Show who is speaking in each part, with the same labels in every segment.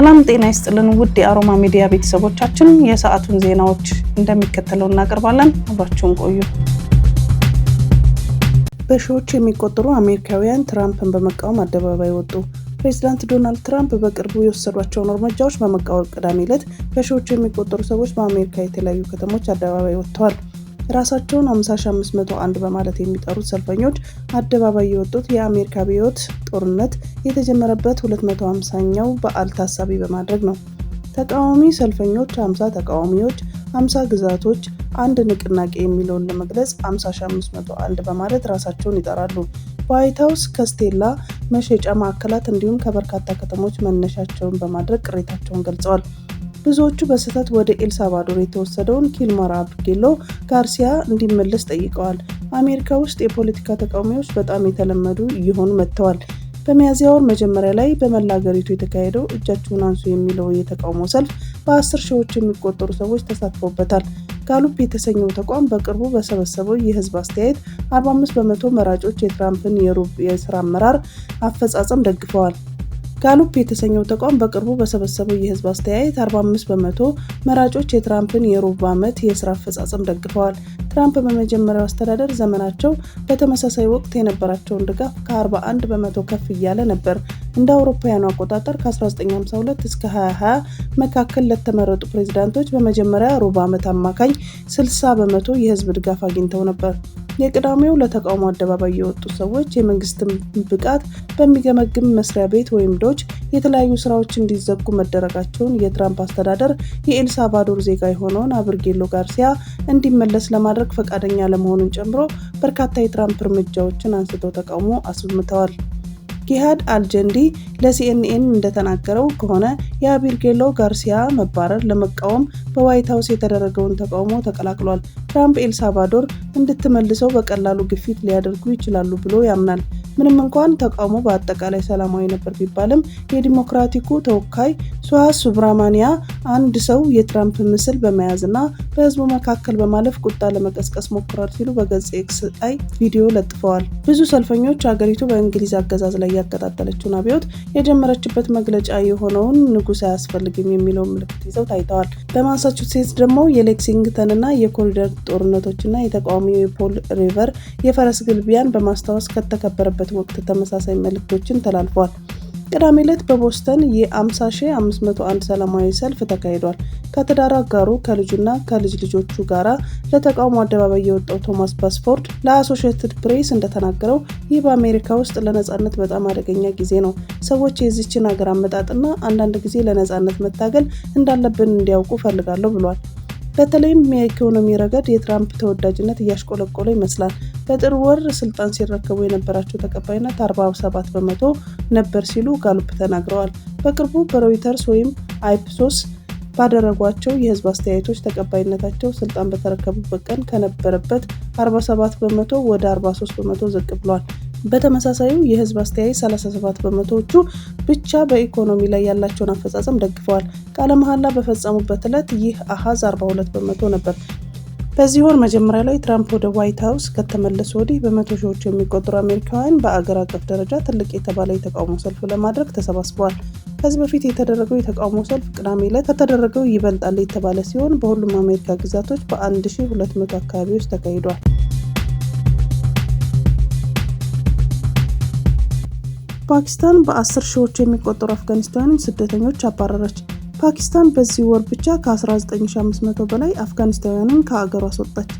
Speaker 1: ሰላም ጤና ይስጥልን ውድ የአሮማ ሚዲያ ቤተሰቦቻችን፣ የሰዓቱን ዜናዎች እንደሚከተለው እናቀርባለን። አብራችሁን ቆዩ። በሺዎች የሚቆጠሩ አሜሪካውያን ትራምፕን በመቃወም አደባባይ ወጡ። ፕሬዚዳንት ዶናልድ ትራምፕ በቅርቡ የወሰዷቸውን እርምጃዎች በመቃወም ቅዳሜ ዕለት በሺዎች የሚቆጠሩ ሰዎች በአሜሪካ የተለያዩ ከተሞች አደባባይ ወጥተዋል። ራሳቸውን 50501 በማለት የሚጠሩት ሰልፈኞች አደባባይ የወጡት የአሜሪካ ብዮት ጦርነት የተጀመረበት 250ኛው በዓል ታሳቢ በማድረግ ነው። ተቃዋሚ ሰልፈኞች 50 ተቃዋሚዎች፣ 50 ግዛቶች፣ አንድ ንቅናቄ የሚለውን ለመግለጽ 50501 በማለት ራሳቸውን ይጠራሉ። በዋይት ሀውስ ከስቴላ መሸጫ ማዕከላት እንዲሁም ከበርካታ ከተሞች መነሻቸውን በማድረግ ቅሬታቸውን ገልጸዋል። ብዙዎቹ በስህተት ወደ ኤልሳልቫዶር የተወሰደውን ኪልማር አብጌሎ ጋርሲያ እንዲመለስ ጠይቀዋል። አሜሪካ ውስጥ የፖለቲካ ተቃዋሚዎች በጣም የተለመዱ እየሆኑ መጥተዋል። በሚያዝያ ወር መጀመሪያ ላይ በመላ አገሪቱ የተካሄደው እጃችሁን አንሱ የሚለው የተቃውሞ ሰልፍ በአስር ሺዎች የሚቆጠሩ ሰዎች ተሳትፎበታል። ጋሉፕ የተሰኘው ተቋም በቅርቡ በሰበሰበው የህዝብ አስተያየት 45 በመቶ መራጮች የትራምፕን የሩብ የስራ አመራር አፈጻጸም ደግፈዋል። ጋሉፕ የተሰኘው ተቋም በቅርቡ በሰበሰበው የህዝብ አስተያየት 45 በመቶ መራጮች የትራምፕን የሩብ ዓመት የስራ አፈጻጸም ደግፈዋል። ትራምፕ በመጀመሪያው አስተዳደር ዘመናቸው በተመሳሳይ ወቅት የነበራቸውን ድጋፍ ከ41 በመቶ ከፍ እያለ ነበር። እንደ አውሮፓውያኑ አቆጣጠር ከ1952 እስከ 2020 መካከል ለተመረጡ ፕሬዚዳንቶች በመጀመሪያ ሩብ ዓመት አማካኝ 60 በመቶ የህዝብ ድጋፍ አግኝተው ነበር። የቅዳሜው ለተቃውሞ አደባባይ የወጡ ሰዎች የመንግስትን ብቃት በሚገመግም መስሪያ ቤት ወይም ዶች የተለያዩ ስራዎች እንዲዘጉ መደረጋቸውን የትራምፕ አስተዳደር የኤልሳልቫዶር ዜጋ የሆነውን አብርጌሎ ጋርሲያ እንዲመለስ ለማድረግ ፈቃደኛ ለመሆኑን ጨምሮ በርካታ የትራምፕ እርምጃዎችን አንስተው ተቃውሞ አስምተዋል። ጊሃድ አልጀንዲ ለሲኤንኤን እንደተናገረው ከሆነ የአቢርጌሎ ጋርሲያ መባረር ለመቃወም በዋይት ሀውስ የተደረገውን ተቃውሞ ተቀላቅሏል። ትራምፕ ኤልሳልቫዶር እንድትመልሰው በቀላሉ ግፊት ሊያደርጉ ይችላሉ ብሎ ያምናል። ምንም እንኳን ተቃውሞ በአጠቃላይ ሰላማዊ ነበር ቢባልም የዲሞክራቲኩ ተወካይ ሱሃ ሱብራማኒያ አንድ ሰው የትራምፕ ምስል በመያዝና በህዝቡ መካከል በማለፍ ቁጣ ለመቀስቀስ ሞክሯል ሲሉ በገጽ ኤክስ ላይ ቪዲዮ ለጥፈዋል። ብዙ ሰልፈኞች አገሪቱ በእንግሊዝ አገዛዝ ላይ ያቀጣጠለችውን አብዮት የጀመረችበት መግለጫ የሆነውን ንጉሥ አያስፈልግም የሚለውን ምልክት ይዘው ታይተዋል። በማሳቹሴትስ ደግሞ የሌክሲንግተንና የኮሪደር ጦርነቶችና የተቃዋሚው የፖል ሪቨር የፈረስ ግልቢያን በማስታወስ ከተከበረበት ወቅት ተመሳሳይ መልእክቶችን ተላልፏል። ቅዳሜ ዕለት በቦስተን የ50501 ሰላማዊ ሰልፍ ተካሂዷል። ከትዳር አጋሩ ከልጁና ከልጅ ልጆቹ ጋራ ለተቃውሞ አደባባይ የወጣው ቶማስ ባስፎርድ ለአሶሽትድ ፕሬስ እንደተናገረው ይህ በአሜሪካ ውስጥ ለነጻነት በጣም አደገኛ ጊዜ ነው። ሰዎች የዚችን ሀገር አመጣጥና አንዳንድ ጊዜ ለነጻነት መታገል እንዳለብን እንዲያውቁ ፈልጋለሁ ብሏል። በተለይም የኢኮኖሚ ረገድ የትራምፕ ተወዳጅነት እያሽቆለቆለ ይመስላል። በጥር ወር ስልጣን ሲረከቡ የነበራቸው ተቀባይነት 47 በመቶ ነበር ሲሉ ጋሉፕ ተናግረዋል። በቅርቡ በሮይተርስ ወይም አይፕሶስ ባደረጓቸው የህዝብ አስተያየቶች ተቀባይነታቸው ስልጣን በተረከቡበት ቀን ከነበረበት 47 በመቶ ወደ 43 በመቶ ዝቅ ብሏል። በተመሳሳዩ የህዝብ አስተያየት 37 በመቶዎቹ ብቻ በኢኮኖሚ ላይ ያላቸውን አፈጻጸም ደግፈዋል። ቃለ መሐላ በፈጸሙበት ዕለት ይህ አሃዝ 42 በመቶ ነበር። በዚህ ወር መጀመሪያ ላይ ትራምፕ ወደ ዋይት ሀውስ ከተመለሱ ወዲህ በመቶ ሺዎች የሚቆጠሩ አሜሪካውያን በአገር አቀፍ ደረጃ ትልቅ የተባለ የተቃውሞ ሰልፍ ለማድረግ ተሰባስበዋል። ከዚህ በፊት የተደረገው የተቃውሞ ሰልፍ ቅዳሜ ላይ ከተደረገው ይበልጣል የተባለ ሲሆን በሁሉም አሜሪካ ግዛቶች በ1200 አካባቢዎች ተካሂዷል። ፓኪስታን በአስር ሺዎች የሚቆጠሩ አፍጋኒስታውያን ስደተኞች አባረረች። ፓኪስታን በዚህ ወር ብቻ ከ19500 በላይ አፍጋኒስታውያንን ከአገሩ አስወጣች።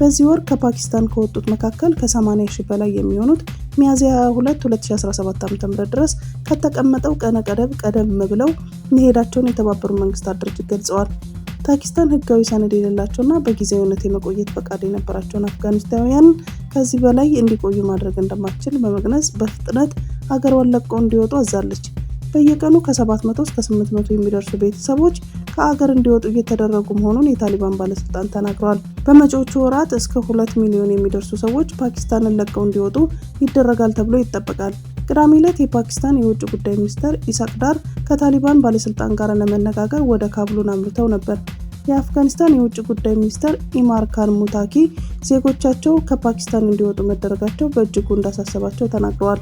Speaker 1: በዚህ ወር ከፓኪስታን ከወጡት መካከል ከ80 ሺህ በላይ የሚሆኑት ሚያዝያ 22 2017 ዓ.ም ድረስ ከተቀመጠው ቀነ ቀደብ ቀደም ብለው መሄዳቸውን የተባበሩት መንግስታት ድርጅት ገልጸዋል። ፓኪስታን ህጋዊ ሰነድ የሌላቸውና በጊዜያዊነት የመቆየት ፈቃድ የነበራቸውን አፍጋኒስታውያን ከዚህ በላይ እንዲቆዩ ማድረግ እንደማትችል በመግለጽ በፍጥነት ሀገሯን ለቀው እንዲወጡ አዛለች። በየቀኑ ከ700 እስከ 800 የሚደርሱ ቤተሰቦች ከአገር እንዲወጡ እየተደረጉ መሆኑን የታሊባን ባለስልጣን ተናግረዋል። በመጪዎቹ ወራት እስከ ሁለት ሚሊዮን የሚደርሱ ሰዎች ፓኪስታንን ለቀው እንዲወጡ ይደረጋል ተብሎ ይጠበቃል። ቅዳሜ ዕለት የፓኪስታን የውጭ ጉዳይ ሚኒስትር ኢሳቅዳር ከታሊባን ባለስልጣን ጋር ለመነጋገር ወደ ካብሉን አምርተው ነበር። የአፍጋኒስታን የውጭ ጉዳይ ሚኒስትር ኢማር ካን ሙታኪ ዜጎቻቸው ከፓኪስታን እንዲወጡ መደረጋቸው በእጅጉ እንዳሳሰባቸው ተናግረዋል።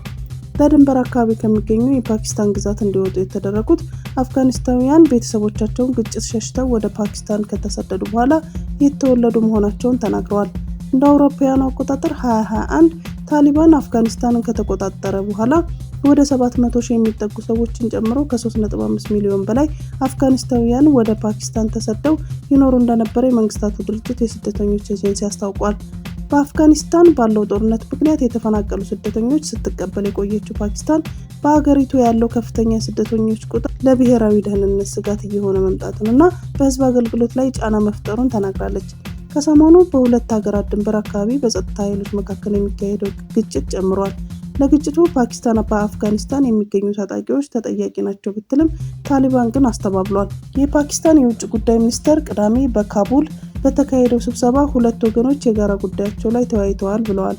Speaker 1: በድንበር አካባቢ ከሚገኙ የፓኪስታን ግዛት እንዲወጡ የተደረጉት አፍጋኒስታውያን ቤተሰቦቻቸውን ግጭት ሸሽተው ወደ ፓኪስታን ከተሰደዱ በኋላ የተወለዱ መሆናቸውን ተናግረዋል። እንደ አውሮፓውያኑ አቆጣጠር 2021 ታሊባን አፍጋኒስታንን ከተቆጣጠረ በኋላ ወደ 700 ሺህ የሚጠጉ ሰዎችን ጨምሮ ከ3.5 ሚሊዮን በላይ አፍጋኒስታውያን ወደ ፓኪስታን ተሰደው ይኖሩ እንደነበረ የመንግስታቱ ድርጅት የስደተኞች ኤጀንሲ አስታውቋል። በአፍጋኒስታን ባለው ጦርነት ምክንያት የተፈናቀሉ ስደተኞች ስትቀበል የቆየችው ፓኪስታን በሀገሪቱ ያለው ከፍተኛ የስደተኞች ቁጥር ለብሔራዊ ደህንነት ስጋት እየሆነ መምጣትንና በህዝብ አገልግሎት ላይ ጫና መፍጠሩን ተናግራለች። ከሰሞኑ በሁለት ሀገራት ድንበር አካባቢ በጸጥታ ኃይሎች መካከል የሚካሄደው ግጭት ጨምሯል። ለግጭቱ ፓኪስታን በአፍጋኒስታን የሚገኙ ታጣቂዎች ተጠያቂ ናቸው ብትልም ታሊባን ግን አስተባብሏል። የፓኪስታን የውጭ ጉዳይ ሚኒስተር ቅዳሜ በካቡል በተካሄደው ስብሰባ ሁለት ወገኖች የጋራ ጉዳያቸው ላይ ተወያይተዋል ብለዋል።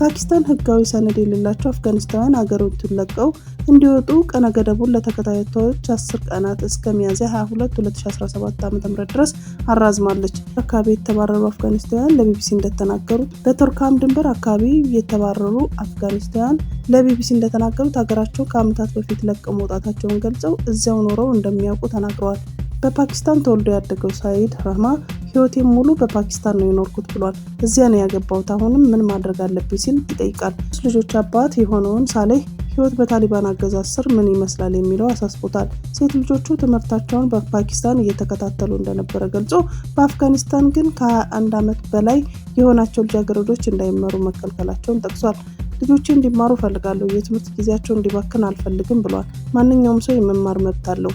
Speaker 1: ፓኪስታን ህጋዊ ሰነድ የሌላቸው አፍጋኒስታውያን ሀገሮቹን ለቀው እንዲወጡ ቀነ ገደቡን ለተከታታዮች 10 ቀናት እስከ ሚያዝያ 22 2017 ዓ ም ድረስ አራዝማለች። አካባቢ የተባረሩ አፍጋኒስታውያን ለቢቢሲ እንደተናገሩት በቶርካም ድንበር አካባቢ የተባረሩ አፍጋኒስታውያን ለቢቢሲ እንደተናገሩት ሀገራቸው ከዓመታት በፊት ለቀው መውጣታቸውን ገልጸው እዚያው ኖረው እንደሚያውቁ ተናግረዋል። በፓኪስታን ተወልዶ ያደገው ሳይድ ረህማ ህይወቴም ሙሉ በፓኪስታን ነው የኖርኩት ብሏል። እዚያ ነው ያገባሁት፣ አሁንም ምን ማድረግ አለብኝ ሲል ይጠይቃል። ልጆች አባት የሆነውን ሳሌህ ህይወት በታሊባን አገዛዝ ስር ምን ይመስላል የሚለው አሳስቦታል። ሴት ልጆቹ ትምህርታቸውን በፓኪስታን እየተከታተሉ እንደነበረ ገልጾ በአፍጋኒስታን ግን ከ21 ዓመት በላይ የሆናቸው ልጃገረዶች እንዳይመሩ መከልከላቸውን ጠቅሷል። ልጆቼ እንዲማሩ እፈልጋለሁ፣ የትምህርት ጊዜያቸው እንዲባክን አልፈልግም ብሏል። ማንኛውም ሰው የመማር መብት አለው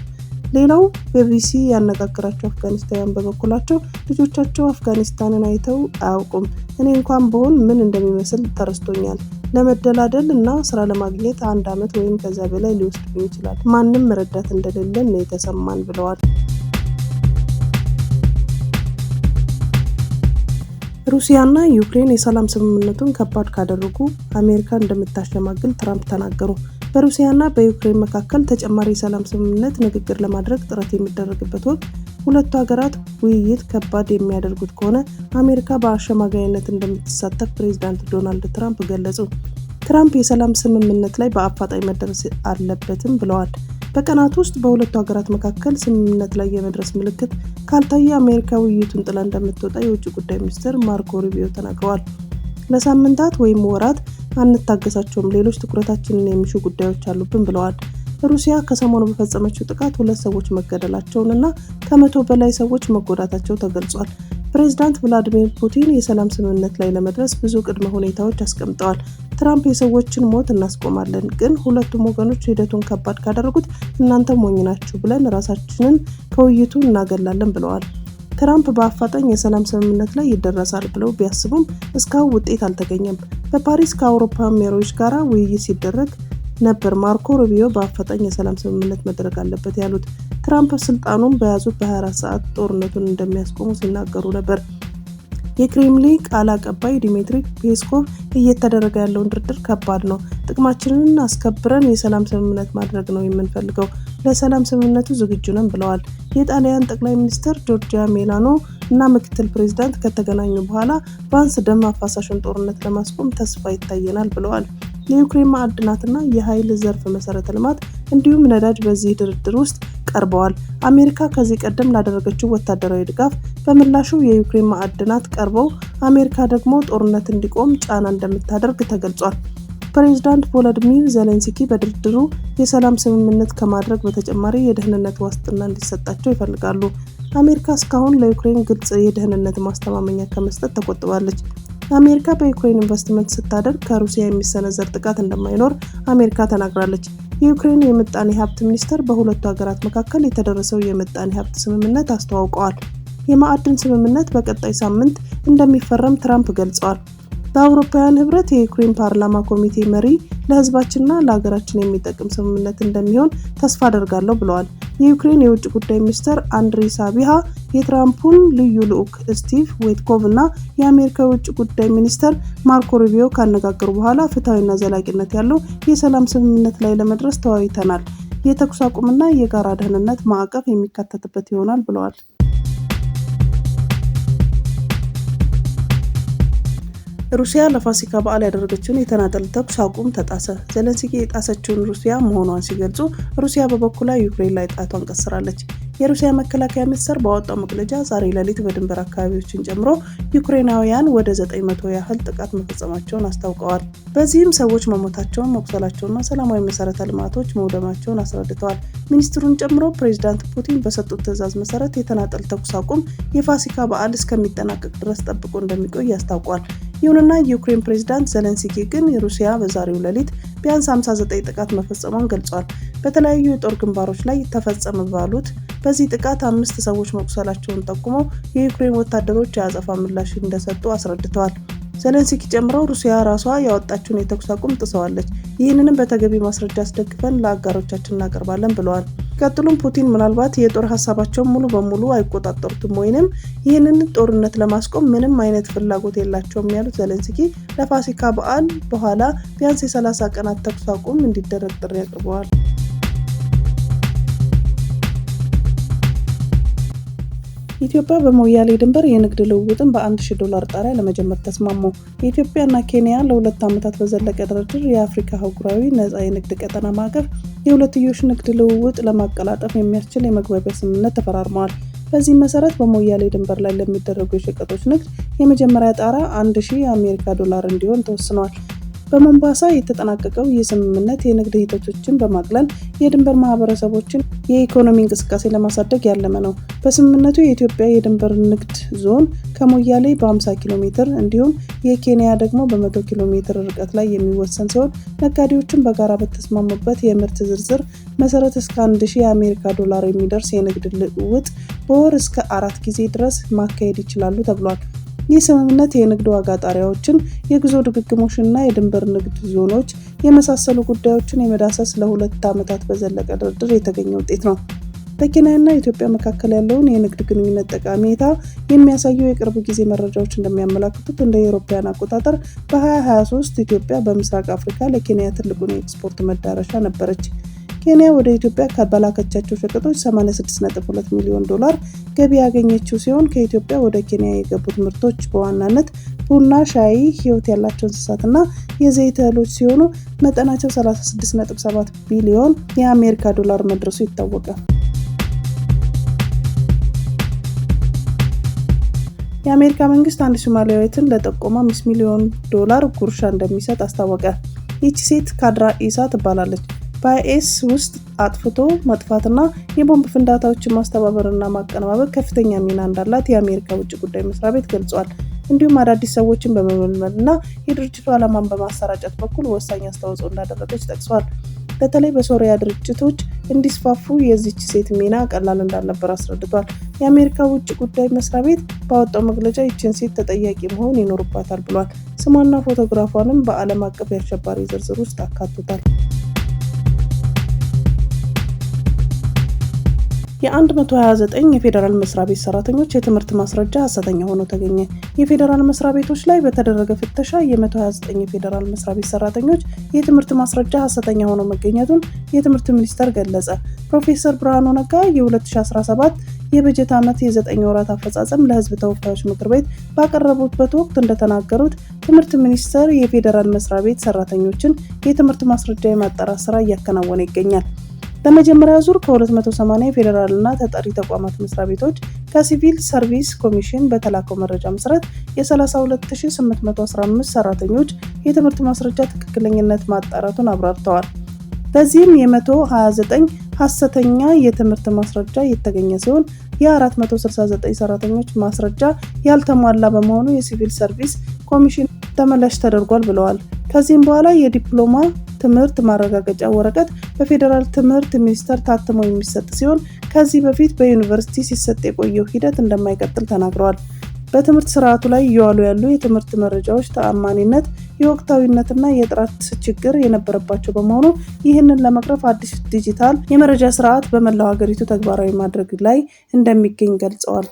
Speaker 1: ሌላው ቢቢሲ ያነጋገራቸው አፍጋኒስታውያን በበኩላቸው ልጆቻቸው አፍጋኒስታንን አይተው አያውቁም፣ እኔ እንኳን በሆን ምን እንደሚመስል ተረስቶኛል። ለመደላደል እና ስራ ለማግኘት አንድ ዓመት ወይም ከዚያ በላይ ሊወስድብኝ ይችላል። ማንም መረዳት እንደሌለን ነው የተሰማን ብለዋል። ሩሲያና ዩክሬን የሰላም ስምምነቱን ከባድ ካደረጉ አሜሪካ እንደምታሸማግል ትራምፕ ተናገሩ። በሩሲያና በዩክሬን መካከል ተጨማሪ የሰላም ስምምነት ንግግር ለማድረግ ጥረት የሚደረግበት ወቅት ሁለቱ ሀገራት ውይይት ከባድ የሚያደርጉት ከሆነ አሜሪካ በአሸማጋይነት እንደምትሳተፍ ፕሬዚዳንት ዶናልድ ትራምፕ ገለጹ። ትራምፕ የሰላም ስምምነት ላይ በአፋጣኝ መደረስ አለበትም ብለዋል። በቀናት ውስጥ በሁለቱ ሀገራት መካከል ስምምነት ላይ የመድረስ ምልክት ካልታየ አሜሪካ ውይይቱን ጥላ እንደምትወጣ የውጭ ጉዳይ ሚኒስትር ማርኮ ሩቢዮ ተናግረዋል። ለሳምንታት ወይም ወራት አንታገሳቸውም፣ ሌሎች ትኩረታችንን የሚሹ ጉዳዮች አሉብን ብለዋል። ሩሲያ ከሰሞኑ በፈጸመችው ጥቃት ሁለት ሰዎች መገደላቸውንና ከመቶ በላይ ሰዎች መጎዳታቸው ተገልጿል። ፕሬዚዳንት ቭላዲሚር ፑቲን የሰላም ስምምነት ላይ ለመድረስ ብዙ ቅድመ ሁኔታዎች አስቀምጠዋል። ትራምፕ የሰዎችን ሞት እናስቆማለን፣ ግን ሁለቱም ወገኖች ሂደቱን ከባድ ካደረጉት እናንተ ሞኝ ናችሁ ብለን ራሳችንን ከውይይቱ እናገላለን ብለዋል። ትራምፕ በአፋጣኝ የሰላም ስምምነት ላይ ይደረሳል ብለው ቢያስቡም እስካሁን ውጤት አልተገኘም። በፓሪስ ከአውሮፓ መሪዎች ጋር ውይይት ሲደረግ ነበር ማርኮ ሩቢዮ በአፋጣኝ የሰላም ስምምነት መደረግ አለበት ያሉት። ትራምፕ ስልጣኑን በያዙት በ24 ሰዓት ጦርነቱን እንደሚያስቆሙ ሲናገሩ ነበር። የክሬምሊን ቃል አቀባይ ዲሚትሪ ፔስኮቭ እየተደረገ ያለውን ድርድር ከባድ ነው፣ ጥቅማችንን አስከብረን የሰላም ስምምነት ማድረግ ነው የምንፈልገው ለሰላም ስምምነቱ ዝግጁ ነን ብለዋል። የጣሊያን ጠቅላይ ሚኒስትር ጆርጂያ ሜላኖ እና ምክትል ፕሬዚዳንት ከተገናኙ በኋላ ቢያንስ ደም አፋሳሽን ጦርነት ለማስቆም ተስፋ ይታየናል ብለዋል። የዩክሬን ማዕድናትና የኃይል ዘርፍ መሰረተ ልማት እንዲሁም ነዳጅ በዚህ ድርድር ውስጥ ቀርበዋል። አሜሪካ ከዚህ ቀደም ላደረገችው ወታደራዊ ድጋፍ በምላሹ የዩክሬን ማዕድናት ቀርበው አሜሪካ ደግሞ ጦርነት እንዲቆም ጫና እንደምታደርግ ተገልጿል። ፕሬዚዳንት ቮሎዲሚር ዜሌንስኪ በድርድሩ የሰላም ስምምነት ከማድረግ በተጨማሪ የደህንነት ዋስትና እንዲሰጣቸው ይፈልጋሉ። አሜሪካ እስካሁን ለዩክሬን ግልጽ የደህንነት ማስተማመኛ ከመስጠት ተቆጥባለች። አሜሪካ በዩክሬን ኢንቨስትመንት ስታደርግ ከሩሲያ የሚሰነዘር ጥቃት እንደማይኖር አሜሪካ ተናግራለች። የዩክሬን የምጣኔ ሀብት ሚኒስትር በሁለቱ ሀገራት መካከል የተደረሰው የምጣኔ ሀብት ስምምነት አስተዋውቀዋል። የማዕድን ስምምነት በቀጣይ ሳምንት እንደሚፈረም ትራምፕ ገልጸዋል። በአውሮፓውያን ህብረት የዩክሬን ፓርላማ ኮሚቴ መሪ ለህዝባችንና ለሀገራችን የሚጠቅም ስምምነት እንደሚሆን ተስፋ አደርጋለሁ ብለዋል። የዩክሬን የውጭ ጉዳይ ሚኒስትር አንድሬ ሳቢሃ የትራምፑን ልዩ ልዑክ ስቲቭ ዌትኮቭ እና የአሜሪካ የውጭ ጉዳይ ሚኒስትር ማርኮ ሩቢዮ ካነጋገሩ በኋላ ፍትሐዊና ዘላቂነት ያለው የሰላም ስምምነት ላይ ለመድረስ ተወያይተናል የተኩስ አቁምና የጋራ ደህንነት ማዕቀፍ የሚካተትበት ይሆናል ብለዋል። ሩሲያ ለፋሲካ በዓል ያደረገችውን የተናጠል ተኩስ አቁም ተጣሰ። ዘለንስኪ የጣሰችውን ሩሲያ መሆኗን ሲገልጹ ሩሲያ በበኩሏ ዩክሬን ላይ ጣቷን ቀስራለች። የሩሲያ መከላከያ ሚኒስቴር ባወጣው መግለጫ ዛሬ ሌሊት በድንበር አካባቢዎችን ጨምሮ ዩክሬናውያን ወደ 900 ያህል ጥቃት መፈጸማቸውን አስታውቀዋል። በዚህም ሰዎች መሞታቸውን፣ መቁሰላቸውና ሰላማዊ መሰረተ ልማቶች መውደማቸውን አስረድተዋል። ሚኒስትሩን ጨምሮ ፕሬዚዳንት ፑቲን በሰጡት ትዕዛዝ መሰረት የተናጠል ተኩስ አቁም የፋሲካ በዓል እስከሚጠናቀቅ ድረስ ጠብቆ እንደሚቆይ አስታውቋል። ይሁንና የዩክሬን ፕሬዚዳንት ዘለንስኪ ግን ሩሲያ በዛሬው ሌሊት ቢያንስ 59 ጥቃት መፈጸሟን ገልጿል። በተለያዩ የጦር ግንባሮች ላይ ተፈጸመ ባሉት በዚህ ጥቃት አምስት ሰዎች መቁሰላቸውን ጠቁመው የዩክሬን ወታደሮች የአጸፋ ምላሽ እንደሰጡ አስረድተዋል። ዘለንስኪ ጨምረው ሩሲያ ራሷ ያወጣችውን የተኩስ አቁም ጥሰዋለች፣ ይህንንም በተገቢ ማስረጃ አስደግፈን ለአጋሮቻችን እናቀርባለን ብለዋል። ሲቀጥሉም ፑቲን ምናልባት የጦር ሀሳባቸውን ሙሉ በሙሉ አይቆጣጠሩትም ወይንም ይህንን ጦርነት ለማስቆም ምንም አይነት ፍላጎት የላቸውም ያሉት ዘለንስኪ ለፋሲካ በዓል በኋላ ቢያንስ የ30 ቀናት ተኩስ አቁም እንዲደረግ ጥሪ አቅርበዋል። ኢትዮጵያ በሞያሌ ድንበር የንግድ ልውውጥን በአንድ ሺ ዶላር ጣሪያ ለመጀመር ተስማሙ። የኢትዮጵያና ኬንያ ለሁለት ዓመታት በዘለቀ ድርድር የአፍሪካ አህጉራዊ ነጻ የንግድ ቀጠና ማዕቀፍ የሁለትዮሽ ንግድ ልውውጥ ለማቀላጠፍ የሚያስችል የመግባቢያ ስምምነት ተፈራርመዋል። በዚህ መሰረት በሞያሌ ድንበር ላይ ለሚደረጉ የሸቀጦች ንግድ የመጀመሪያ ጣሪያ 1 ሺህ የአሜሪካ ዶላር እንዲሆን ተወስኗል። በሞምባሳ የተጠናቀቀው ይህ ስምምነት የንግድ ሂደቶችን በማቅለል የድንበር ማህበረሰቦችን የኢኮኖሚ እንቅስቃሴ ለማሳደግ ያለመ ነው። በስምምነቱ የኢትዮጵያ የድንበር ንግድ ዞን ከሞያሌ በ50 ኪሎ ሜትር እንዲሁም የኬንያ ደግሞ በ100 ኪሎ ሜትር ርቀት ላይ የሚወሰን ሲሆን ነጋዴዎችን በጋራ በተስማሙበት የምርት ዝርዝር መሰረት እስከ 1 የአሜሪካ ዶላር የሚደርስ የንግድ ልውውጥ በወር እስከ አራት ጊዜ ድረስ ማካሄድ ይችላሉ ተብሏል። ይህ ስምምነት የንግድ ዋጋ ጣሪያዎችን፣ የጉዞ ድግግሞችና የድንበር ንግድ ዞኖች የመሳሰሉ ጉዳዮችን የመዳሰስ ለሁለት ዓመታት በዘለቀ ድርድር የተገኘ ውጤት ነው። በኬንያና ኢትዮጵያ መካከል ያለውን የንግድ ግንኙነት ጠቀሜታ የሚያሳዩ የቅርብ ጊዜ መረጃዎች እንደሚያመላክቱት እንደ አውሮፓውያን አቆጣጠር በ2023 ኢትዮጵያ በምስራቅ አፍሪካ ለኬንያ ትልቁን የኤክስፖርት መዳረሻ ነበረች። ኬንያ ወደ ኢትዮጵያ ካበላከቻቸው ሸቀጦች 86.2 ሚሊዮን ዶላር ገቢ ያገኘችው ሲሆን ከኢትዮጵያ ወደ ኬንያ የገቡት ምርቶች በዋናነት ቡና፣ ሻይ፣ ህይወት ያላቸው እንስሳትና የዘይት እህሎች ሲሆኑ መጠናቸው 36.7 ቢሊዮን የአሜሪካ ዶላር መድረሱ ይታወቃል። የአሜሪካ መንግስት አንድ ሶማሊያዊትን ለጠቆመ አምስት ሚሊዮን ዶላር ጉርሻ እንደሚሰጥ አስታወቀ። ይቺ ሴት ካድራ ኢሳ ትባላለች። በአይኤስ ውስጥ አጥፍቶ መጥፋትና የቦምብ ፍንዳታዎችን ማስተባበርና ማቀነባበር ከፍተኛ ሚና እንዳላት የአሜሪካ ውጭ ጉዳይ መስሪያ ቤት ገልጿል። እንዲሁም አዳዲስ ሰዎችን በመመልመልና የድርጅቱ ዓላማን በማሰራጨት በኩል ወሳኝ አስተዋጽኦ እንዳደረገች ጠቅሷል። በተለይ በሶሪያ ድርጅቶች እንዲስፋፉ የዚች ሴት ሚና ቀላል እንዳልነበር አስረድቷል። የአሜሪካ ውጭ ጉዳይ መስሪያ ቤት ባወጣው መግለጫ ይችን ሴት ተጠያቂ መሆን ይኖርባታል ብሏል። ስሟና ፎቶግራፏንም በዓለም አቀፍ የአሸባሪ ዝርዝር ውስጥ አካቶታል። የ129 የፌዴራል መስሪያ ቤት ሰራተኞች የትምህርት ማስረጃ ሀሰተኛ ሆኖ ተገኘ። የፌዴራል መስሪያ ቤቶች ላይ በተደረገ ፍተሻ የ129 የፌዴራል መስሪያ ቤት ሰራተኞች የትምህርት ማስረጃ ሀሰተኛ ሆኖ መገኘቱን የትምህርት ሚኒስቴር ገለጸ። ፕሮፌሰር ብርሃኑ ነጋ የ2017 የበጀት ዓመት የዘጠኝ ወራት አፈጻጸም ለሕዝብ ተወካዮች ምክር ቤት ባቀረቡበት ወቅት እንደተናገሩት ትምህርት ሚኒስቴር የፌዴራል መስሪያ ቤት ሰራተኞችን የትምህርት ማስረጃ የማጣራት ስራ እያከናወነ ይገኛል። በመጀመሪያ ዙር ከ280 የፌዴራልና ተጠሪ ተቋማት መስሪያ ቤቶች ከሲቪል ሰርቪስ ኮሚሽን በተላከው መረጃ መሰረት የ32815 ሰራተኞች የትምህርት ማስረጃ ትክክለኝነት ማጣራቱን አብራርተዋል። በዚህም የ129 ሀሰተኛ የትምህርት ማስረጃ የተገኘ ሲሆን የ469 ሰራተኞች ማስረጃ ያልተሟላ በመሆኑ የሲቪል ሰርቪስ ኮሚሽን ተመላሽ ተደርጓል ብለዋል። ከዚህም በኋላ የዲፕሎማ ትምህርት ማረጋገጫ ወረቀት በፌዴራል ትምህርት ሚኒስቴር ታትሞ የሚሰጥ ሲሆን ከዚህ በፊት በዩኒቨርሲቲ ሲሰጥ የቆየው ሂደት እንደማይቀጥል ተናግረዋል። በትምህርት ስርዓቱ ላይ እየዋሉ ያሉ የትምህርት መረጃዎች ተአማኒነት፣ የወቅታዊነትና የጥራት ችግር የነበረባቸው በመሆኑ ይህንን ለመቅረፍ አዲስ ዲጂታል የመረጃ ስርዓት በመላው ሀገሪቱ ተግባራዊ ማድረግ ላይ እንደሚገኝ ገልጸዋል።